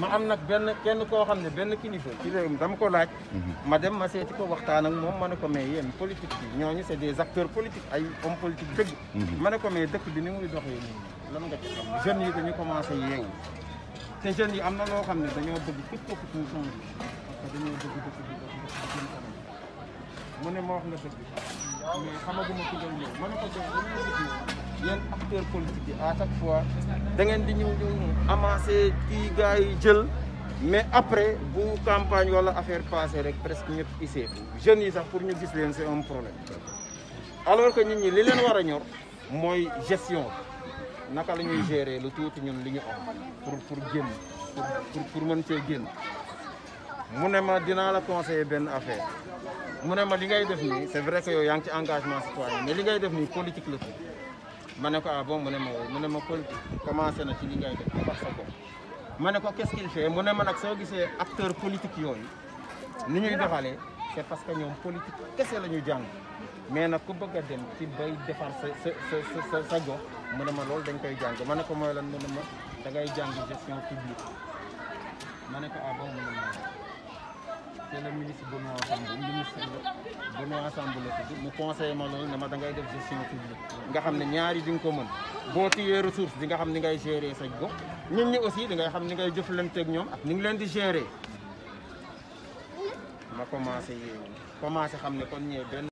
ma am nag benn kenn koo xam ne benn kilifa ci réew dama ko laaj. ma dem ma seeti ko waxtaan ak moom ma ne ko mais yéen politique bi ñooñu c'est des acteurs politiques ay hommes politiques dëgg. Mhm. ma ne ko mais dëkk bi ni muy doxee nii lan nga ci xam jeunes yi dañu commencé yeewu te jeunes yi am na loo xam ne dañoo bëgg képp képp kuy changé parce que dañoo bëgg dëkk bi dox dëkk bi jëm kanam. mu ne ma wax nga dëgg mais xamaguma ku ngay ñëw ma ne ko jox da ngeen di ñëw yéen acteur politique yi à chaque fois da ngeen di ñu ñëw amassé kii gars yi jël mais après bu campagne wala affaire passé rek presque ñëpp isee jeunes yi sax pour ñu gis leen c'est un problème alors que ñu ñi li leen war a ñor mooy gestion naka la ñuy gérer lu tuuti ñun li ñu am pour pour génn pour pour cee génn mu ne ma dinaa la conseiller benn affaire mu ne ma li ngay def nii c'est vrai que yow yaa ngi ci engagement citoyen mais li ngay def nii politique la fi ma ne ko ah bon mu ne ma woo mu ma politique commencé na ci li ngay def par sa ma ne ko qu'est-ce qu'il fait mu ma nag soo gisee acteur politique yooyu ni ñuy doxalee c'est parce que ñoom politique kese la ñu jàng mais nag ku bëgg a dem ci bay defar sa sa sa sa gox mu ma loolu dañ koy jàng ma ne ko mooy lan mu ne ma da ngay jàng gestion publique ma ne ko ah bon ma le ministre Benoît Sambou ministre Benoît Sambou mu conseillé ma loolu ne ma da ngay def gestion publique nga xam ne ñaari di nga ko mën boo téyee ressource di nga xam ni ngay gérer sa gox nit ñi aussi di ngay xam ni ngay jëflanteeg ñoom ak ni leen di gérer ma commencé yéewu commencé xam ne kon ñee benn